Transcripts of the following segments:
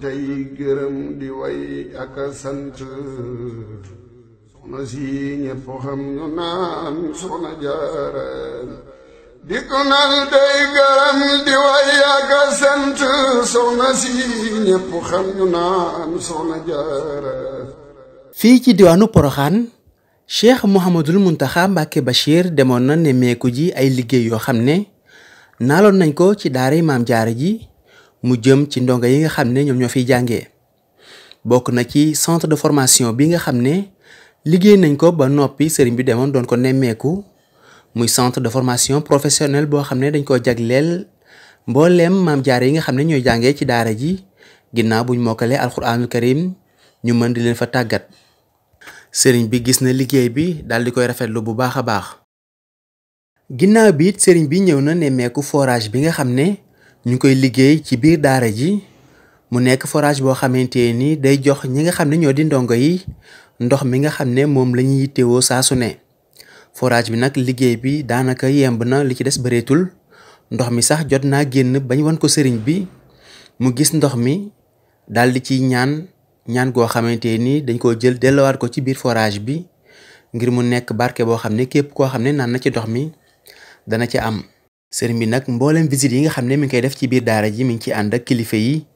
tey gërëm di way ak sant soxna si ñëpp xam ñu naan soxna jaara di ko nal gërëm di way ak sant soxna si ñëpp xam ñu naan soxna jaara fii ci diwaanu Poroxaan cheikh Mouhamadul Muntaxa Mbàkke Bachir demoon na nemmeeku ji ay liggéey yoo xam ne naaloon nañ ko ci daaray maam jaara ji mu jëm ci ndongo yi nga xam ne ñoom ñoo fiy jàngee bokk na ci centre de formation bi nga xam ne liggéey nañ ko ba noppi sëriñ bi demoon doon ko nemmeeku muy centre de formation professionnelle boo xam ne dañ koo jagleel mbooleem maam jaare yi nga xam ne ñooy jàngee ci daara ji ginnaaw buñ mokkalee alxuraanul karim ñu mën di leen fa tàggat sëriñ bi gis na liggéey bi daal di koy rafetlu bu baax a baax ginnaaw bi sëriñ bi ñëw na nemmeeku forage bi nga xam ne ñu ngi koy liggéey ci biir daara ji mu nekk forage boo xamante nii day jox ñi nga xam ne ñoo di ndongo yi ndox mi nga xam ne moom la ñuy saasu ne forage bi nag liggéey bi daanaka yemb na li ci des bareetul ndox mi sax jot naa génn bañ wan ko sëriñ bi mu gis ndox mi daal di ciy ñaan ñaan goo xamante nii dañ koo jël dellowaat ko ci biir forage bi ngir mu nekk barke boo xam ne képp koo xam ne naan na ci ndox mi dana ci am sëriñ bi nag mbooleem visite yi nga xam ne mu ngi koy def ci biir daara ji mi ngi ciy ànd ak kilifa yi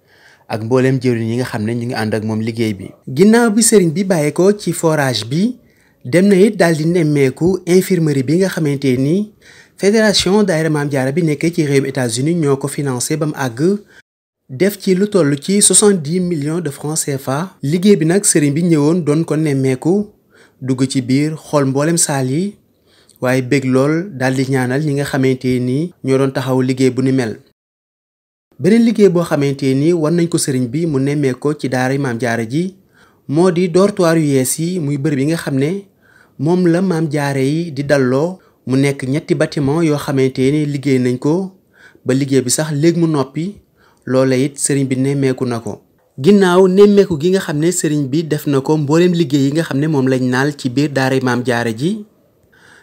ak mbooleem jëwriñ yi nga xam ne ñu ngi ànd ak moom liggéey bi. ginnaaw bi sëriñ bi bàyyeekoo ci forage bi dem na it daal di nemmeeku infirmerie bi nga xamante ni fédération daayira Maam Jaara bi nekkee ci réew États-Unis ñoo ko financé ba mu àgg. def ci lu toll ci 70 millions de francs CFA. liggéey bi nag sëriñ bi ñëwoon doon ko nemmeeku dugg ci biir xool mbooleem saal yi. waaye bég lool daal di ñaanal ñi nga xamante nii ñoo doon taxaw liggéey bu ni mel. beneen liggéey boo xamante nii war nañ ko sëriñ bi mu nemmee ko ci daara maam jaare ji moo di dortoir yu yees yi muy bërëb bi nga xam ne moom la maam jaare yi di dalloo mu nekk ñetti batiment yoo xamante ni liggéey nañ ko ba liggéey bi sax léegi mu noppi loole it sëriñ bi nemmeeku na ko. ginnaaw nemmeeku gi nga xam ne sëriñ bi def na ko mbooleem liggéey yi nga xam ne moom lañ naal ci biir daara maam jaare ji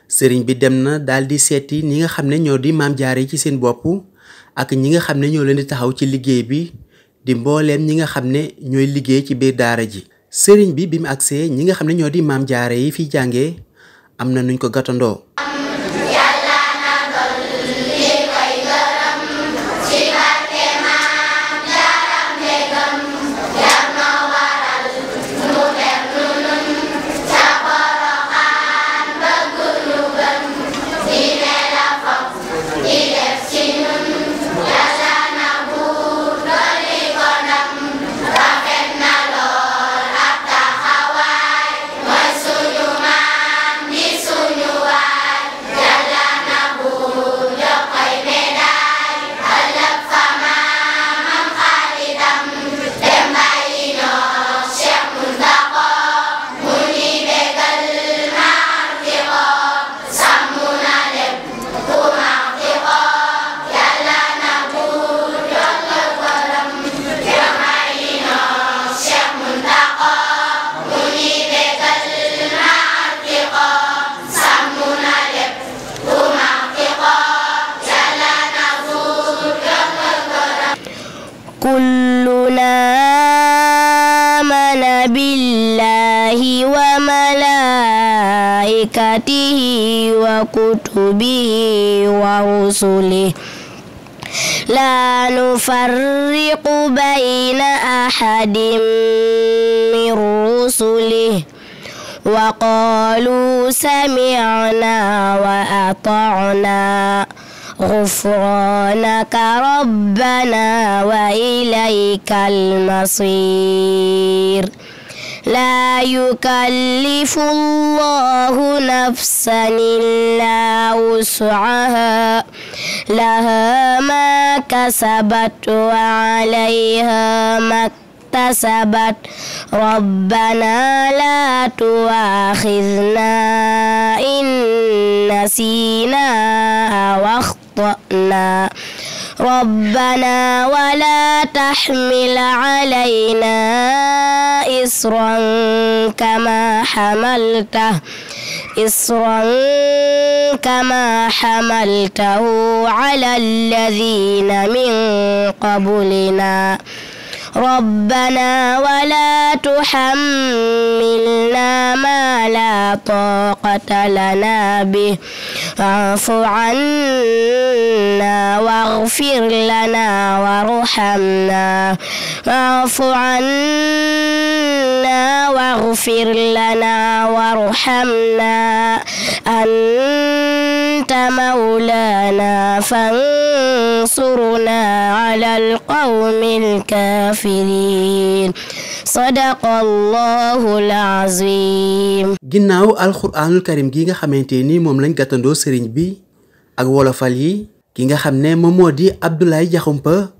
sëriñ bi dem na daldi seeti ñi nga xam ne ñoo di maam jaare ci seen bopp ak ñi nga xam ne ñoo leen di taxaw ci liggéey bi di mbooleem ñi nga xam ne ñooy liggéey ci biir daara ji. sëriñ bi bi mu agsee ñi nga xam ne ñoo di maam jaare yi fiy jàngee am na nuñ ko gàttandoo. وكتبه ورسله لا نفرق بين أحد من رسله وقالوا سمعنا وأطعنا غفرانك ربنا وإليك المصير لا يكلف الله نفسا إلا وسعها لها ما كسبت وعليها ما اكتسبت ربنا لا تؤاخذنا إن نسينا أو أخطأنا ربنا ولا تحمل علينا إصرا كما حملته إصرا كما حملته على الذين من قبلنا ربنا ولا تحملنا ما لا طاقة لنا به واعف عنا واغفر لنا وارحمنا واعف عنا واغفر لنا وارحمنا أنت مولانا فانصرنا على القوم الكافرين kaafiriin sadaqallaahul aziim ginnaaw alxuraanul karim gi nga xamante ni moom lañ gàttandoo sëriñ bi ak wolofal yi ki nga xam ne moom moo di Abdoulaye Diakhoumpa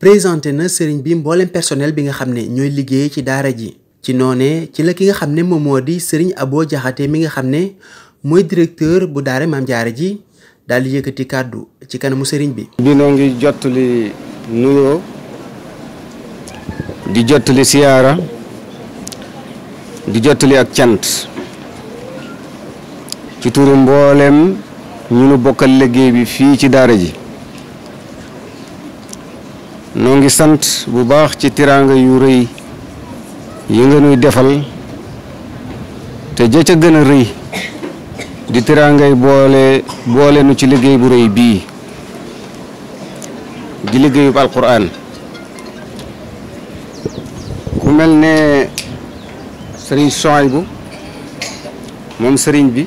présenté na sëriñ bi mboolem personnel bi nga xam ne ñooy liggéey ci daara ji ci noone ci la ki nga xam ne moom moo di sëriñ Abo jaxatee mi nga xam ne mooy directeur bu daara Maam Jaara ji daal di yëkkati kàddu ci kanamu sëriñ bi. bi noo ngi jottali nuyoo di jottali siyaara di jottali ak cant ci turu mboolem ñu nu bokkal liggéey bi fii ci daara ji noo ngi sant bu baax ci tiraanga yu rëy yi nga nuy defal te ja ca gën a rëy di tiraangay boole boole ci liggéey bu rëy bii di liggéeyub alquran mel ne sëriñ Souhaïbou moom sëriñ bi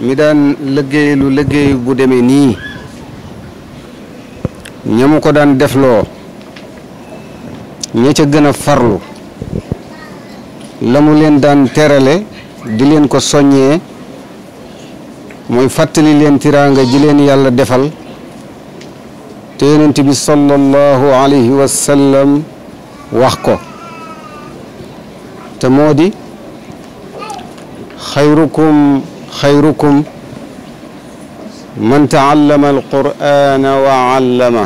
mi daan liggéey lu liggéey bu demee nii ña ko daan defloo ña ca gën a farlu la mu leen daan terale di leen ko soññee mooy fàttali leen tiraanga ji leen yàlla defal te bi sallallahu alayhi wa wax ko te moo di xayrukum xayrukum man taallama alqur'ana wa allama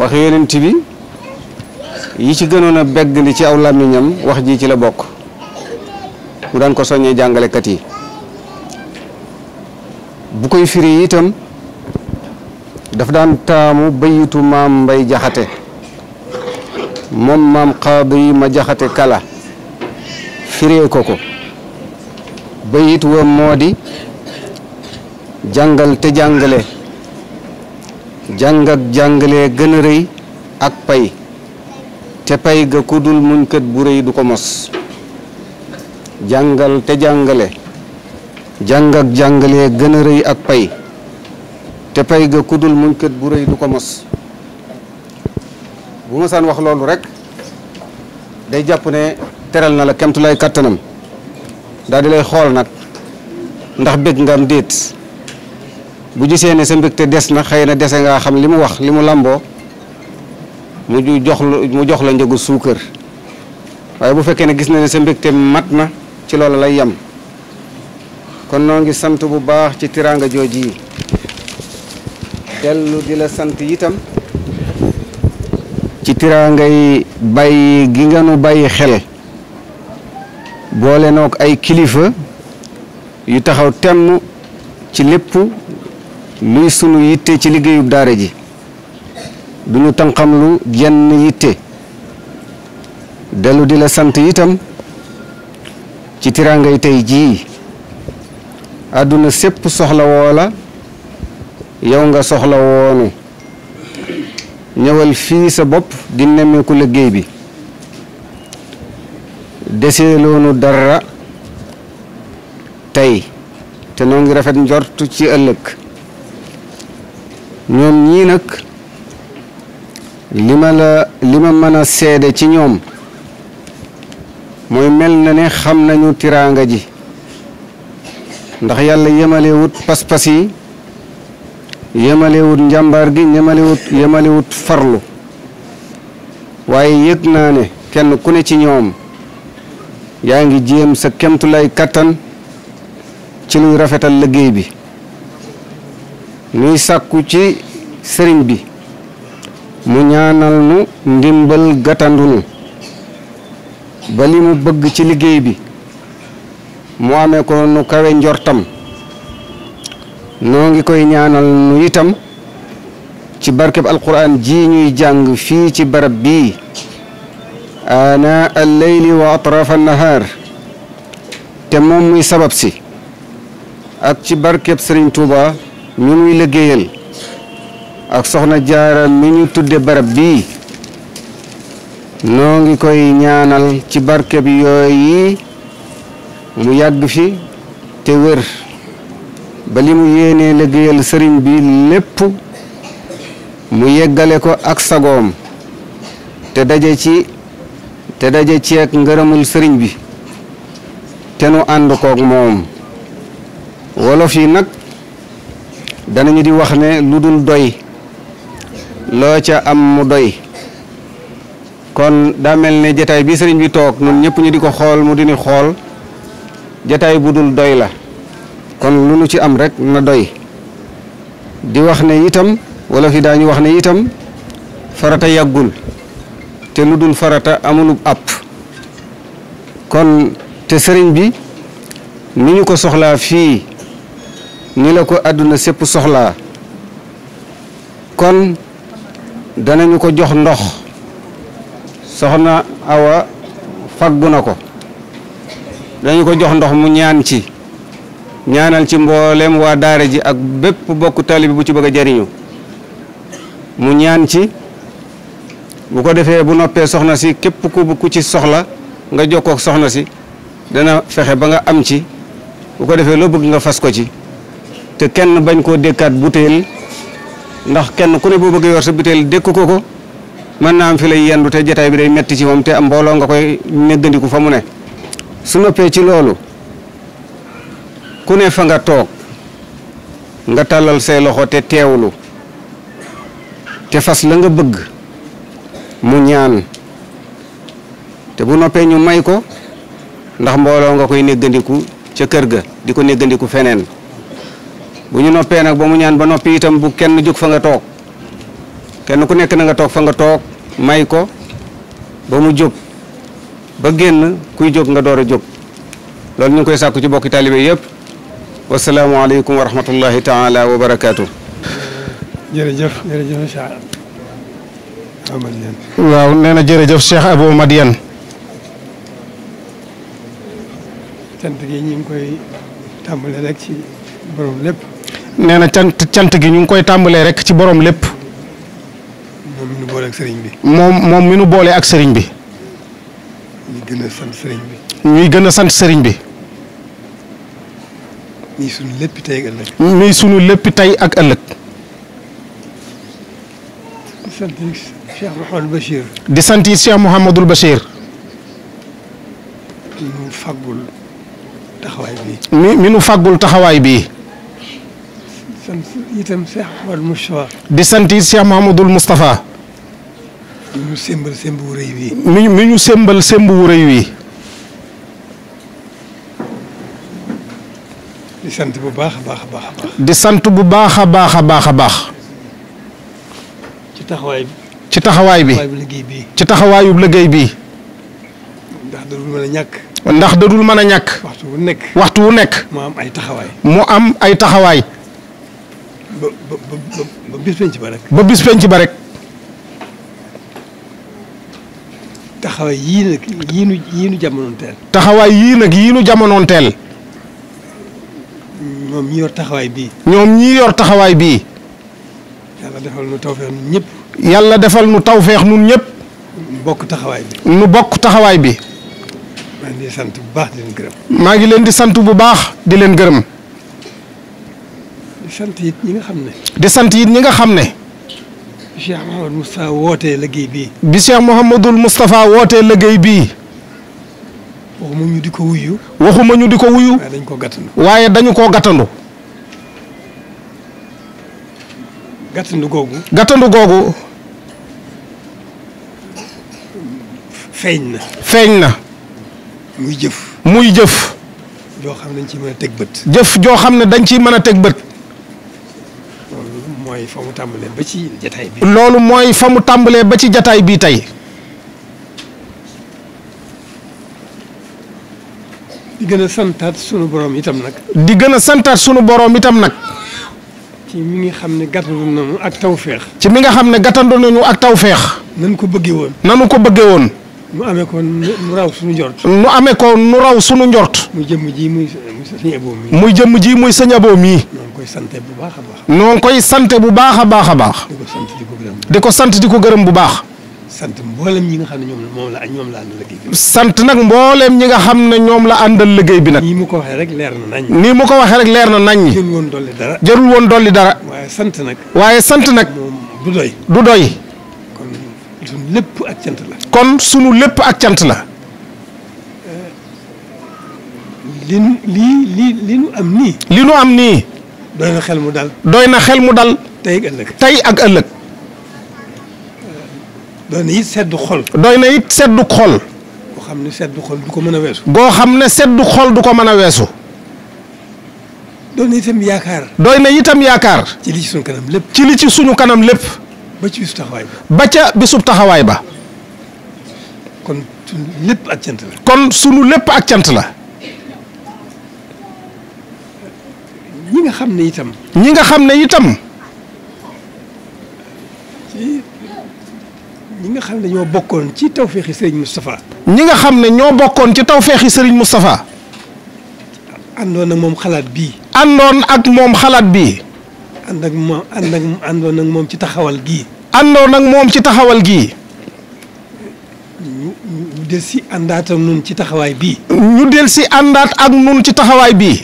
wax yonent bi yi ci gënoon a begg li ci aw làmmiñam wax ji ci la bokk mu daan ko soññee jàngalekat yi bu koy firi itam daf daan taamu bayitu maam mbay jaxate moom maam xaadi ma jaxate kala firee ko ko bayit wa moo di jàngal te jàngale jàng ak jàngale gën a rëy ak pay te pay ga ku dul muñkat bu rëy du ko mos jàngal te jàngale jàng ak jàngale gën a rëy ak pay te pay ga ku dul muñkat bu rëy du ko mos bu ma wax loolu rek day jàpp ne teral na la kemtu lay kàttanam daal di lay xool nag ndax bëgg nga am déet bu gisee ne sa mbégte des na xëy na dese ngaa xam li mu wax li mu làmboo mu jox mu jox la njëgu suukar waaye bu fekkee ne gis na ne sa mbégte mat na ci loolu lay yem kon noo ngi sant bu baax ci tiraanga jooji yi dellu di la sant itam ci tiraangay bàyyi gi nga nu bàyyi xel boole noog ay kilifa yu taxaw temm ci lépp luy sunu yitte ci liggéeyub daara ji duñu tanqam lu jenn yitte dellu di la sant itam ci tiraangay tey jii àdduna sépp soxla woo la yow nga soxla woonu ñëwal fii sa bopp di nemmeeku liggéey bi deseeloonu dara tey te noo ngi rafet njort ci ëllëg ñoom ñii nag li ma la li ma mën a seede ci ñoom mooy mel na ne xam nañu tiraanga ji ndax yàlla yemalewut pas-pas yi yemalewut njàmbaar gi yemalewut yemalewut farlu waaye yëg naa ne kenn ku ne ci ñoom yaa ngi jéem sa kemtulay kàttan ci luy rafetal liggéey bi nuy sàkku ci sëriñ bi mu ñaanal nu ndimbal gàttandunu ba li mu bëgg ci liggéey bi mu amee ko nu kawe njortam noo ngi koy ñaanal nu itam ci barkeb alquran ji ñuy jàng fii ci barab bii ana alleyli wa atrafa nahaar te moom muy sabab si ak ci barkeb sëriñ Tuuba ñu muy liggéeyal ak soxna jaara mi ñu tudde barab bii noo ngi koy ñaanal ci barkeb yooyi mu yàgg fi te wér ba mu yéenee liggéeyal sëriñ bi lépp mu yeggale ko ak sagoom te daje ci te daje ceeg ngërëmul sëriñ bi te nu ànd koog moom wolof yi nag danañu di wax ne lu dul doy loo ca am mu doy kon daa mel ne jataay bi sëriñ bi toog ñun ñëpp ñu di ko xool mu di ni xool jataay bu dul doy la kon lu nu ci am rek na doy di wax ne itam wala fi daañu wax ne itam farata yàggul te lu dul farata amulub àpp kon te sëriñ bi ni ñu ko soxlaa fii ni la ko àdduna sépp soxlaa kon danañu ko jox ndox soxna awa faggu na ko dañu ko jox ndox mu ñaan ci ñaanal ci mboolem waa daare ji ak bépp bokk taalibe bu ci bëgg a jariñu mu ñaan ci bu ko defee bu noppee soxna si képp ku ku ci soxla nga jokkook soxna si dana fexe ba nga am ci bu ko defee loo bëgg nga fas ko ci te kenn bañ koo dékkaat butéel ndax kenn ku ne boo bëgg yor sa butéel dékk ko ko mën naa am fi lay yendu te jataay bi day metti ci moom te mbooloo nga koy néggandiku fa mu ne su noppee ci loolu ku ne fa nga toog nga tàllal say loxo te teewlu te fas la nga bëgg mu ñaan te bu noppee ñu may ko ndax mbooloo nga koy néggandiku ca kër ga di ko néggandiku feneen bu ñu noppee nag ba mu ñaan ba noppi itam bu kenn jóg fa nga toog kenn ku nekk na nga toog fa nga toog may ko ba mu jóg ba génn kuy jóg nga door a jóg loolu ñu ngi koy sàkku ci bokki taalibe yépp wasalaamualeykum wa rahmatullahi taala wa barakaatu. jërëjëf jërëjëf Cheikh Abou Madiane. waaw nee na jërëjëf Cheikh Abou Madiane. cant gi ñu ngi koy tàmbalee rek ci borom lépp. nee gi ñu ngi koy tàmbalee rek ci borom lépp. moom mi boole ak sëriñ bi. moom moom ak sëriñ bi. ñuy gën sëriñ bi. ñuy gën a sant sëriñ bi. muy sunu lépp tey ak ëllëg. sunu lépp tey ak ëllëg. di sant yi Cheikh Mouhamadul Bachir. di sant mi nu fàggul taxawaay bii mi nu fàggul taxawaay bi. itam Cheikh Mouhamadul Moustapha. di sant yi Cheikh Mouhamadul mi ñu sembal sembu wu mi mi sembal sembu wu di sant bu baax a baax a baax. di sant bu baax a baax a baax a baax. ci taxawaay bi. ci taxawaay bi ci taxawaayu liggéey bii. ndax dadul mën a ñàkk. ndax dadul mën a ñàkk. waxtu wu nekk. mu am ay taxawaay. mu am ay taxawaay. ba ba ba bis penc ba rek. taxawaay yii nag yii nu yii nu taxawaay yii nag yii nu jamonoonteel. ñoom ñi yor taxawaay bii. ñoom ñi yor taxawaay bii. yàlla defal nu tawfeex nun ñëpp. yàlla defal nu tawfeex nun ñëpp. nu bokk taxawaay bi. nu bokk taxawaay bi. maa ngi leen di sant bu baax di leen gërëm. maa ngi leen di sant bu baax di leen gërëm. sant it ñi nga xam ne. di sant it ñi nga xam ne. bi Cheikh Mouhamadul Moustapha wootee liggéey bii. waxuma ñu di ko wuyu. waxuma ñu di ko wuyu. waaye dañu koo gàttandu. waaye dañu koo gàttandu. gàttandu googu. gàttandu googu. feeñ na. feeñ na. muy jëf. muy jëf. joo xam ne dañ ci mën a teg bët. jëf joo xam ne dañ ciy mën a teg bët. loolu mooy fa ci loolu mooy mu tàmbalee ba ci jataay bii tey. di gën santaat sunu borom itam nag. di gën a santaat sunu borom itam nag. ci mi nga xam ne gàttandu nañu ak tawféex. ci mi nga xam ne gàttandu nañu ak tawféex. nañu ko bëggee woon. nañu ko bëggee woon. nu amee ko nu raw sunu njort. nu amee ko nu raw sunu njort. muy jëmm jii muy sëñ Abo mii. muy jëmm ji muy sëñ Abo mii. noo koy sante bu baax a baax. noo ngi koy sante bu baax a baax a baax. di ko sant di ko gërëm bu baax. sant mboolem ñi nga xam ne ñoom la ñoom la àndal liggéey bi. sant nag mbooleem ñi nga xam ne ñoom la àndal liggéey bi nag. nii mu ko waxee rek leer na nañ. nii mu ko waxee rek leer na nañ. jarul woon dolli dara. jarul woon dolli dara. waaye sant nag. waaye sant nag. du doy. du doy. kon sunu lépp ak cant la. kon sunu lépp ak sant la. Eh, li li li li nu am nii. li nu am nii. doy na xel mu dal. doy na xel mu dal. tey ëllëg. tey ak ëllëg. doy na it seddu xol. doy na it seddu xol. goo xam ne seddu xol du ko mën a weesu. goo xam ne seddu xol du ko mën a weesu. doy na itam yaakaar. doy na itam yaakaar. ci li ci suñu kanam lépp. ci li ci suñu kanam lépp. ba ci bisub ba. ca bisub taxawaay ba. kon sunu lépp ak cant la. kon sunu lépp ak cant la. ñi nga xam ne itam. ñi nga xam ne itam. ñi nga xam ne ñoo bokkoon ci tawféexi Serigne Moustapha. ñi nga xam ne ñoo bokkoon ci tawféexi Serigne Moustapha. àndoon ak moom xalaat bii. àndoon ak moom xalaat bii. ànd ak moom ànd ak àndoon ak moom ci taxawal gii. àndoon ak moom ci taxawal gii. ñu ñu del si àndaat ak nun ci taxawaay bii. ñu del si àndaat ak nun ci taxawaay bii.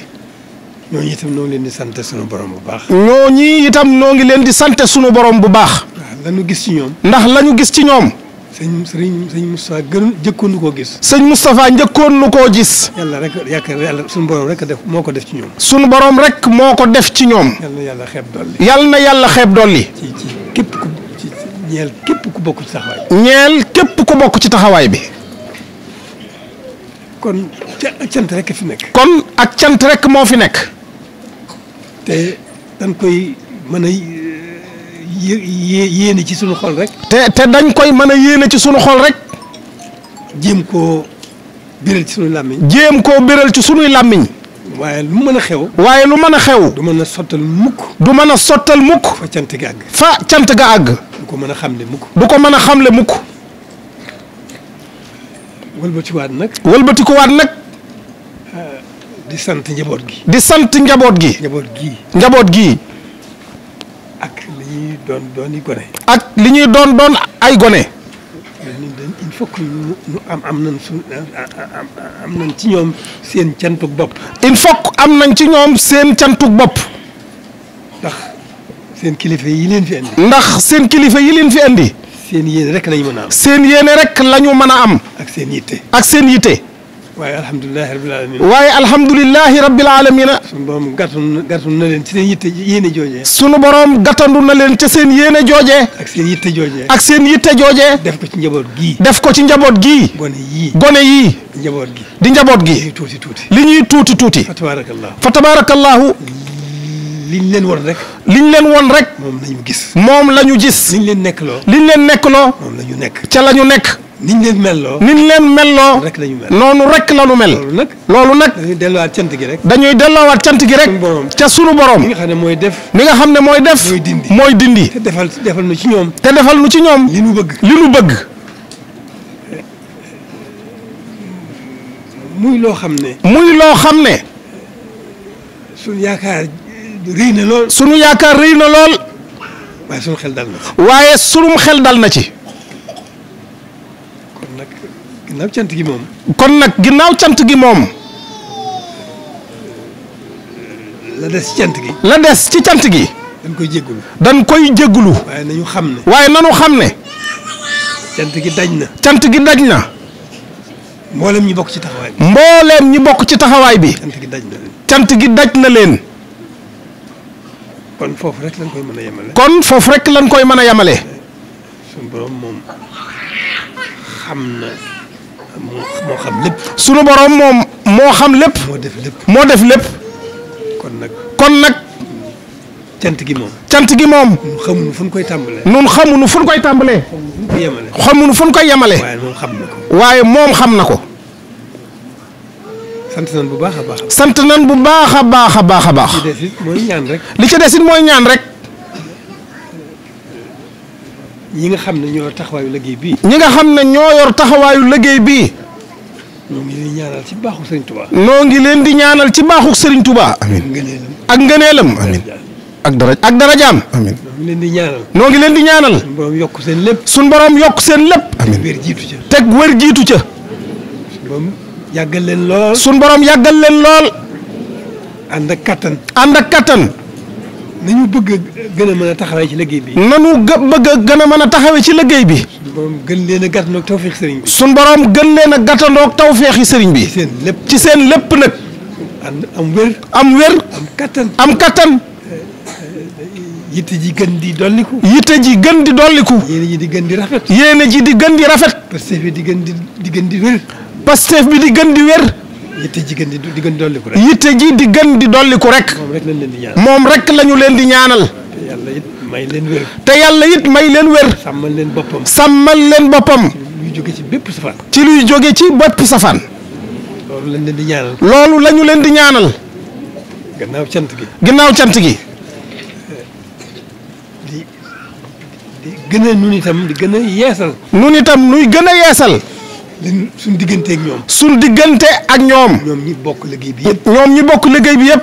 ñooñu itam noo ngi leen di sant sunu borom bu baax. ñooñu itam noo ngi leen di sant sunu borom bu baax. la gis ci ñoom. ndax lañu gis ci ñoom. sëñ sëriñ sëñ Moustapha gën jëkkoon koo gis. sëñ Moustapha njëkkoon nu koo gis. yàlla rek yaakaar yàlla sunu borom rek moo ko def ci ñoom. sunu borom rek moo ko def ci ñoom. yàlla na yàlla xeeb dolli. na yàlla xeeb dolli. ci képp ku ci ñeel képp bokk ci taxawaay bi. ñeel képp ku bokk ci taxawaay bi. kon ca ak cant rek fi nekk. kon ak cant moo fi nekk. te dañ yéene ci sunu xol rek. te te dañ koy mën a yéene ci sunu xol rek. jéem koo biral ci sunuy làmmiñ. jéem koo biral ci sunuy làmmiñ. waaye lu mën a xew. waaye lu mën a xew. du mën a sottal mukk. du mën a sottal mukk. fa cant ga àgg. fa cant ga àgg. du ko mën a xamle mukk. du ko mën a xamle mukk. nag. walbatikuwaat nag. di sant njaboot gi. di sant njaboot gi. njaboot gi. njaboot gi. doon doon i gone. ak li ñuy doon doon ay gone. il fokk que am am nañ nañ ci ñoom seen cantug bopp. il faut am nañ ci ñoom seen cantug bopp. ndax seen kilifa yi leen fi indi. ndax seen kilifa yi leen fi indi. seen yéene rek lañu mën a am. seen yéene rek lañu mën a am. seen yitte. ak seen yitte. waaye alhamdulilah rabil aalamiina. waaye alhamdulilah rabil aalamiina. sunu borom gàttandu gàttandu na leen ci seen yitte yéene jooje. sunu borom gàttandu na leen ca seen yéene jooje. ak seen yitte jooje. ak seen yitte jooje. def ko ci njaboot gii. def ko ci njaboot gii. gone yii gone yii. di njaboot gi. di njaboot gi. li ñuy tuuti tuuti. li ñuy tuuti tuuti. fa tabaarakallahu. fa tabaarakallahu. liñ leen won rek. liñ leen won rek. moom la gis. moom la ñu gis. liñ leen nekk loo. liñ leen nekk loo. moom la ñu nekk. ca la ñu nekk. niñ leen melloo niñ leen melloo rek lañu noonu rek la ñu mel. loolu nag loolu nag dañuy delloowaat cant gi rek. dañuy delloowaat cant gi rek. ca sunu borom. li nga xam ne mooy def. li nga xam ne mooy def. mooy dindi mooy dindi. te defal defal nu ci ñoom. te defal ci ñoom. li nu bëgg li nu bëgg. muy loo xam ne. muy loo xam ne. sunu yaakaar rëy na lool. sunu yaakaar rëy na lool. waaye xel dal waaye sunu xel dal na ci. ginnaaw cant gi moom. kon nag ginnaaw cant gi moom. la des ci cant gi. la des ci cant gi. dañ koy jéggulu. dañ koy jéggulu. waaye nañu xam ne. waaye nañu xam ne. cant gi daj na. cant gi daj na. mbooleem ñi bokk ci taxawaay bi. ñi bokk ci taxawaay bi. cant gi daj na leen. cant gi daj na leen. kon foofu rek lañ koy mën a yemale. kon foofu rek lañ koy mën a yemale. suñu borom moo xam lépp. sunu borom moom moo xam lépp. moo def lépp moo def lépp. kon nag kon nag. cant gi moom. cant gi moom. ñun xamuñu fu ñu koy tàmbalee. ñun xamuñu fu ñu koy tàmbalee. xamuñu fu ñu koy yemalee. waaye moom xam na ko. waaye moom xam na ko. sant nañ bu baax a baax. sant nañ bu baax a baax a baax a baax. li ci des rek. li ci des it mooy ñaan rek. ñi nga xam ne ñoo taxawaayu liggéey bi ñi nga xam ne ñoo taxawaayu liggéey bii. noo ngi leen di ñaanal ci baaxu Serigne Touba. ngi leen di ñaanal ci baaxu Serigne Touba. ak ngëneelam ak ak darajaam amiin. noo ngi leen di ñaanal. noo ngi leen di ñaanal. yokk seen lépp. suñu borom yokk seen lépp. amiin teg wér jiitu ca. teg wér jiitu ca. suñu yàggal leen lool. suñu borom yàggal leen lool. ak kattan. ànd ak kattan. nañu bëgg gën a mën a taxawee ci liggéey bi. nañu bëgg gën a mën a taxawee ci liggéey bi. suñu borom gën leen a gàttandoog tawféexi sëriñ bi. suñu borom gën leen a gàttandoog tawféexi sëriñ bi. ci seen lépp ci seen lépp nag. am wér. am wér. am kattan am kattan. yitte ji gën di dolliku. yitte ji gën di dolliku. yéene ji di gën di rafet. yéene ji di gën di rafet. pastef bi di gën di di gën bi di gën di wér. yitte ji gën di di gën di dolliku rek. yitte ji di gën di dolliku rek. moom rek lañ leen di ñaanal. moom rek lañu leen di ñaanal. te yàlla it may leen wér. yàlla it may leen wér. sàmmal leen boppam. sàmmal leen boppam. ci luy jóge ci bépp safaan. ci luy jóge ci bépp safaan. loolu lañ leen di ñaanal. loolu lañu leen di ñaanal. gannaaw cant gi. gannaaw cant di gën a nun itam di gën a yeesal. nun itam nuy gën a yeesal. li suñu diggante ak ñoom. suñu diggante ak ñoom. ñoom ñi bokk liggéey bi yëpp. ñoom ñi bokk liggéey bi yëpp.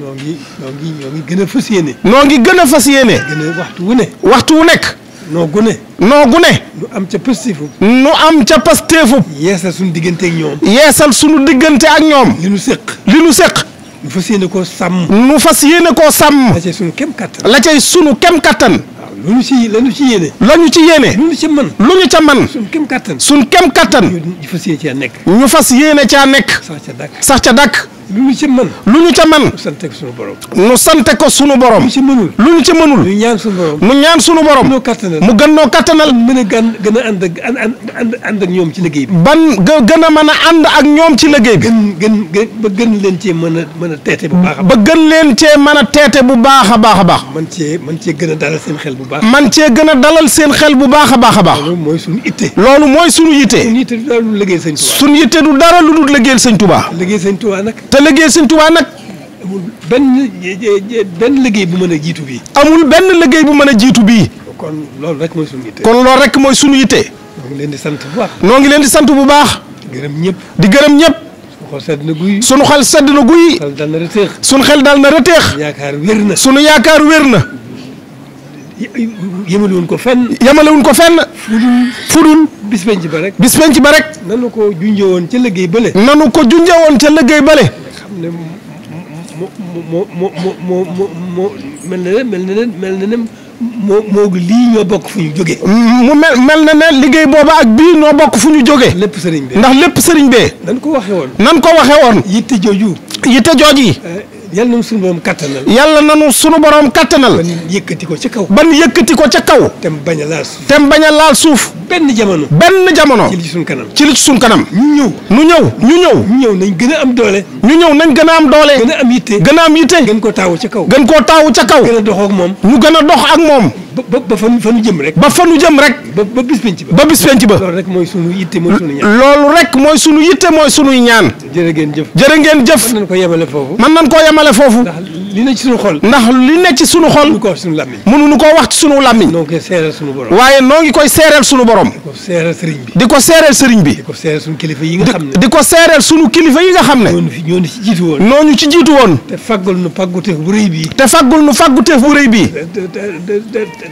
noo ngi noo ngi noo ngi gën a fas yéene. noo ngi gën a fas yéene. gën a waxtu wu ne. waxtu wu nekk. noo gu ne. noo gu nu am ca pasteefu. nu am ca pasteefu. yeesal suñu diggante ak ñoom. yeesal suñu diggante ak ñoom. li nu séq. li nu séq. nu fas yéene koo sàmm. nu fas yéene koo sàmm. la cay sunu kem kattan. la cay sunu kem kattan. lu ñu ci la ñu ci yéene. la ñu ci yéene. lu ñu ca ñu ca mën. suñ kem kattan suñ ñu fas yéene caa nekk. ñu fas yéene caa nekk. sax ca dàkk sax ca dàkk. lu ñu ca mën. lu ñu ca man sante ko sunu borom. sante ko sunu borom. lu ñu ca mënul. lu ñu ci mënul. nu ñaan sunu borom. ñaan sunu borom. mu gën noo kattanal. mën a gën gën a ànd ak ànd ànd ak ñoom ci liggéey bi. ban gën a mën a ànd ak ñoom ci liggéey bi. gën gën ba gën leen cee mën a mën a teete bu baax a baax. ba gën leen cee mën a teete bu baax a baax a baax. man cee man cee gën a dalal seen xel bu baax. man cee gën a dalal seen bu baax a baax a baax. loolu mooy sunu yitte. loolu mooy sunu yitte. sunu yitte du dara lu dul lu dul liggéeyal sëñ Tuubaa. liggéeyal sëñ Tuubaa liggéey sëñ Tuubaa nag. amul benn benn liggéey bu mën a jiitu bii. amul benn liggéey bu mën a jiitu bii. kon loolu rek mooy sunu yitte. kon loolu rek mooy sunu yitte. noo ngi leen di sant bu baax. noo ngi leen di sant bu baax. di gërëm ñëpp. di gërëm ñëpp. sunu xel sedd na guy. sunu xel sedd na guy. xel dal rëteex. sunu xel dal na rëteex. sunu yaakaar wér na. sunu yaakaar wér na. yemale ko fenn. yemale ko fenn. fudul fudul. bis penc ba rek. bis penc ba rek. nanu ko junjee woon ca liggéey bële. nanu ko junjee woon ca liggéey bële. xam ne mel na ne mel na ne mel na ne moo moo lii ñoo bokk fu ñu jóge mu mel mel na ne liggéey booba ak bii ñoo bokk fu ñu jóge lépp sëriñ ndax lépp sëriñ be nan ko waxee woon nan ko waxee woon. yitte jooju. yitte jooju eh, yàlla na sunu borom kattanal. yàlla nanu sunu borom kattanal. ban yëkkati ko ca kaw. ban yëkkati ko ca kaw. tem bañ a laal suuf. bañ a laal suuf. benn jamono. benn jamono. ci li ci sunu kanam. ci ñu ñëw. ñu ñëw ñu ñëw. ñëw nañ gën a am doole. ñu ñëw nañ gën a am doole. gën a am yitte. gën a am yitte. gën koo taawu ca kaw. gën koo taawu ca kaw. gën moom. ñu gën a dox ak moom. ba ba fa nu jëm rek. ba fa nu rek. ba ba bis penc ba. ba bis penc loolu rek mooy sunu yitte mooy sunu ñaan. loolu rek mooy sunu yitte mooy sunuy ñaan. jërë ngeen jëf. jërë ngeen jëf. mën nañ ko yemale foofu. mën nañ ko yemale foofu. li ci sunu xol. ndax li ne ci sunu xol. mënu koo wax ci sunu koo wax ci sunu làmmiñ. noo ngi koy seeral waaye noo ngi koy seeral sunu borom. di ko seeral bi. di ko seeral sëriñ bi. ko seeral sunu kilifa yi nga xam ne. di ko seeral sunu kilifa yi nga xam ne. ñooñu ci jiitu woon. ñooñu ci jiitu woon. te faggul nu fagguteef bu rëy bii. te faggul nu fagguteef bu rëy bii.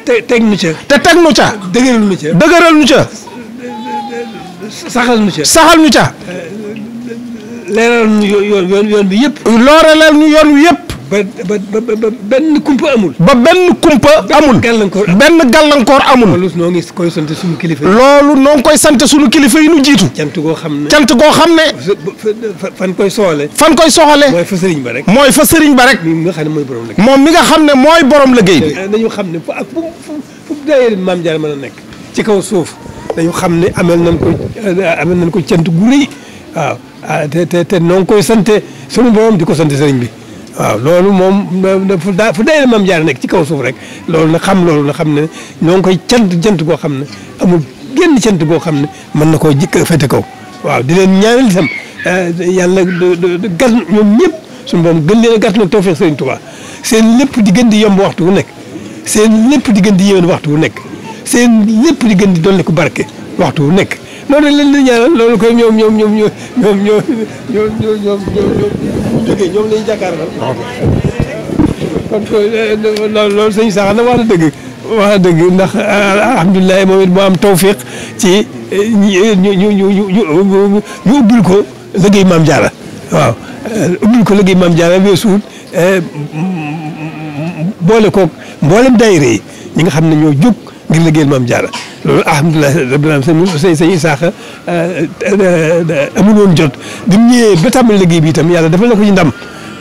te teg nu ca. te teg nu ca. dëgëral nu ca. dëgëral nu ca. saxal nu ca. saxal nu ca. leeralal ñu yoon bi yëpp. ñu yoon wi yëpp. ba ba ba benn kumpa amul. ba benn kumpa amul. benn gàllankoor amul. loolu noo ngi koy sant suñu kilifa yi. loolu noo ngi koy sant sunu kilifa yi nu jiitu. cant goo xam ne cant goo xam ne. fan koy soxale. fan koy soxale. mooy fa sëriñ ba rek. mooy fa sëriñ ba rek. moom mi nga xam ne mooy borom liggéey. moom mi nga xam ne mooy borom liggéey bi. dañu xam ne fu ak fu fu mën a nekk. ci kaw suuf dañu xam ne amel nañ ko eh, nañ ko cant gu rëy waaw ah, te te te noo koy sante sunu borom di ko sant sëriñ bi waaw loolu moom fu daa fu day maam jaar nekk ci kaw suuf rek loolu na xam loolu na xam ne ñoo ngi koy cant cant goo xam ne amul genn cant goo xam ne mën na koo jikk fete kaw waaw di leen ñaanal itam eh, yàlla gas ñoom ñëpp suñu boom gën leen a gas nag tawfeex Sëriñ Tuubaa seen lépp di gën di yomb waxtu wu nekk seen lépp di gën di waxtu wu nekk seen lépp di gën di dolli ko barke waxtu wu nekk noonu leen di ñaanal loolu koy ñoom ñoom ñoom ñoom ñoom ñoom ñoom ñoom ñoom ñoom jógee ñoom lañu jàkkaarloo kon loolu loolu sëñ sax na wax na dëgg wax na dëgg ndax alhamdulilah moom it mu am tawfiq ci ñu ñu ñu ñu ñu ubbil ko liggéey maam Diarra waaw ubbil ko liggéey maam Diarra weesu boole koog mboolem daayira yi ñi nga xam ne ñoo jóg. ngir liggéeyal maam Jaara loolu alhamdulilah rabbil aalamiin sëñ sëñ Isaaxa euh, euh, euh, amul woon jot bi mu ñëwee ba tàmbali liggéey bi itam yàlla defal na ko ci ndam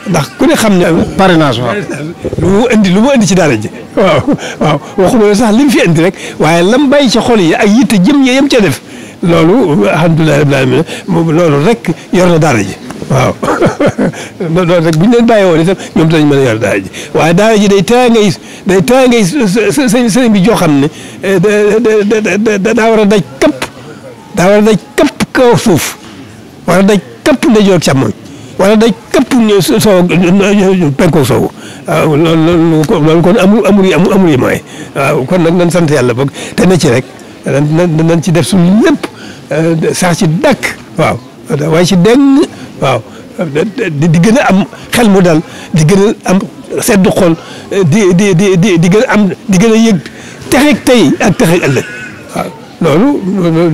ndax ku ne xam ne. parrainage waaw lu mu indi lu mu indi ci daara ji waaw waaw waxuma sax li mu fi indi rek waaye lam bàyyi ci xol yi ak yitte jëm yee yam cee def. loolu alhamdulilah rabbil alamin loolu rek yor na daara ji waaw loolu rek bu ñu leen bàyyi woon itam ñoom dinañ mën a yor daara ji waaye daara ji day taa ngay day taa ngay sëñ sëñ bi joo xam ne eh, daa war a daj képp daa war a daj képp kaw suuf war a daj képp ndajoor càmmoñ war a daj képp soow penkoo soow waaw loolu loolu kon amul amul yi amul yi mooy waaw kon nag nañ sant yàlla boog te na ci rek nan nan ci def suñu lépp Euh, sax ci dàkk waaw waay ci dégg waaw di gën a am xel mu dal di gën a am sedd xol di di di di di gën a am di gën a yëg texeeg tey ak texeeg ëllëg waaw loolu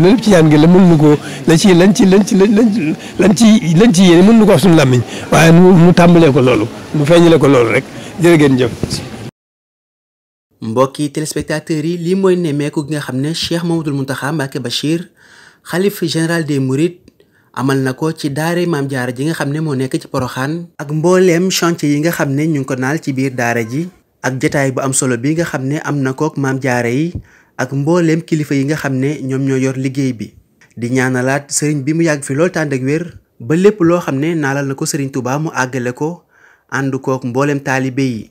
lépp ci yaan gi la mën nu ko la ci lañ ci lañ ci lañ ci lañ ci yéene mën nu ko wax suñu làmmiñ waaye mu tàmbalee ko loolu mu feeñale ko loolu rek jërë ngeen jëf mbokki téléspectateurs yi lii mooy nemmeeku gi nga xam ne Cheikh Mamadou Mountakha Mbacké Bachir xalif général des murit amal na ko ci daare maam jaara ji nga xam ne moo nekk ci poroxaan ak mbooleem chantier yi nga xam ne ñu ngi ko naal ci biir daare ji ak jataay bu am solo bi nga xam ne am na kook maam jaara yi ak mbooleem kilifa yi nga xam ne ñoom ñoo yor liggéey bi di ñaanalaat sëriñ bi mu yàgg fi loolu tànd ak wér ba lépp loo xam ne naalal na ko sëriñ Tuubaa mu àggale ko ànd kook mbooleem taalibe yi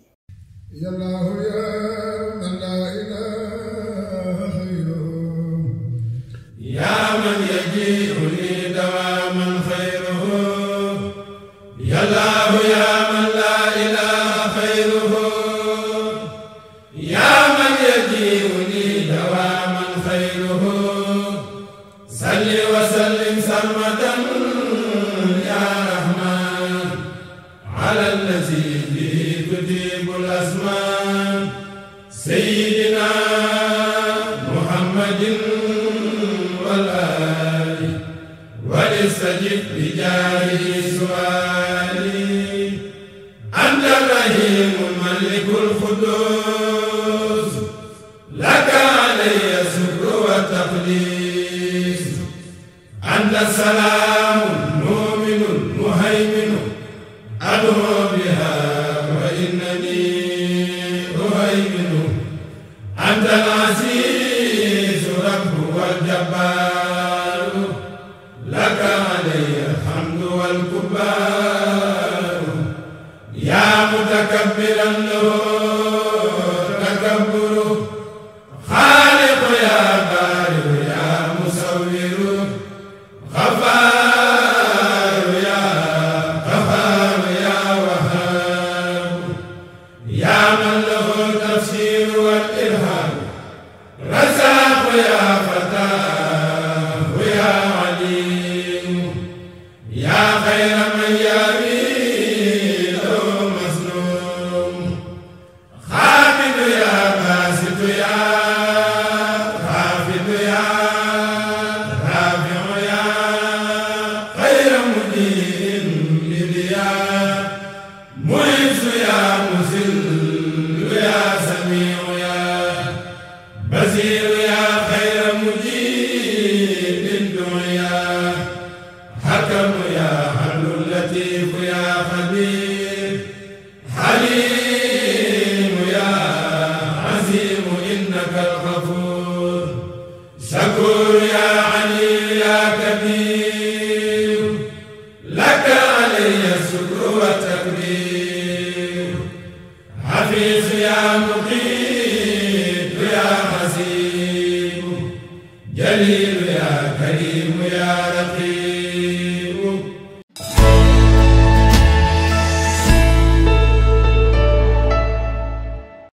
a Hallelujah.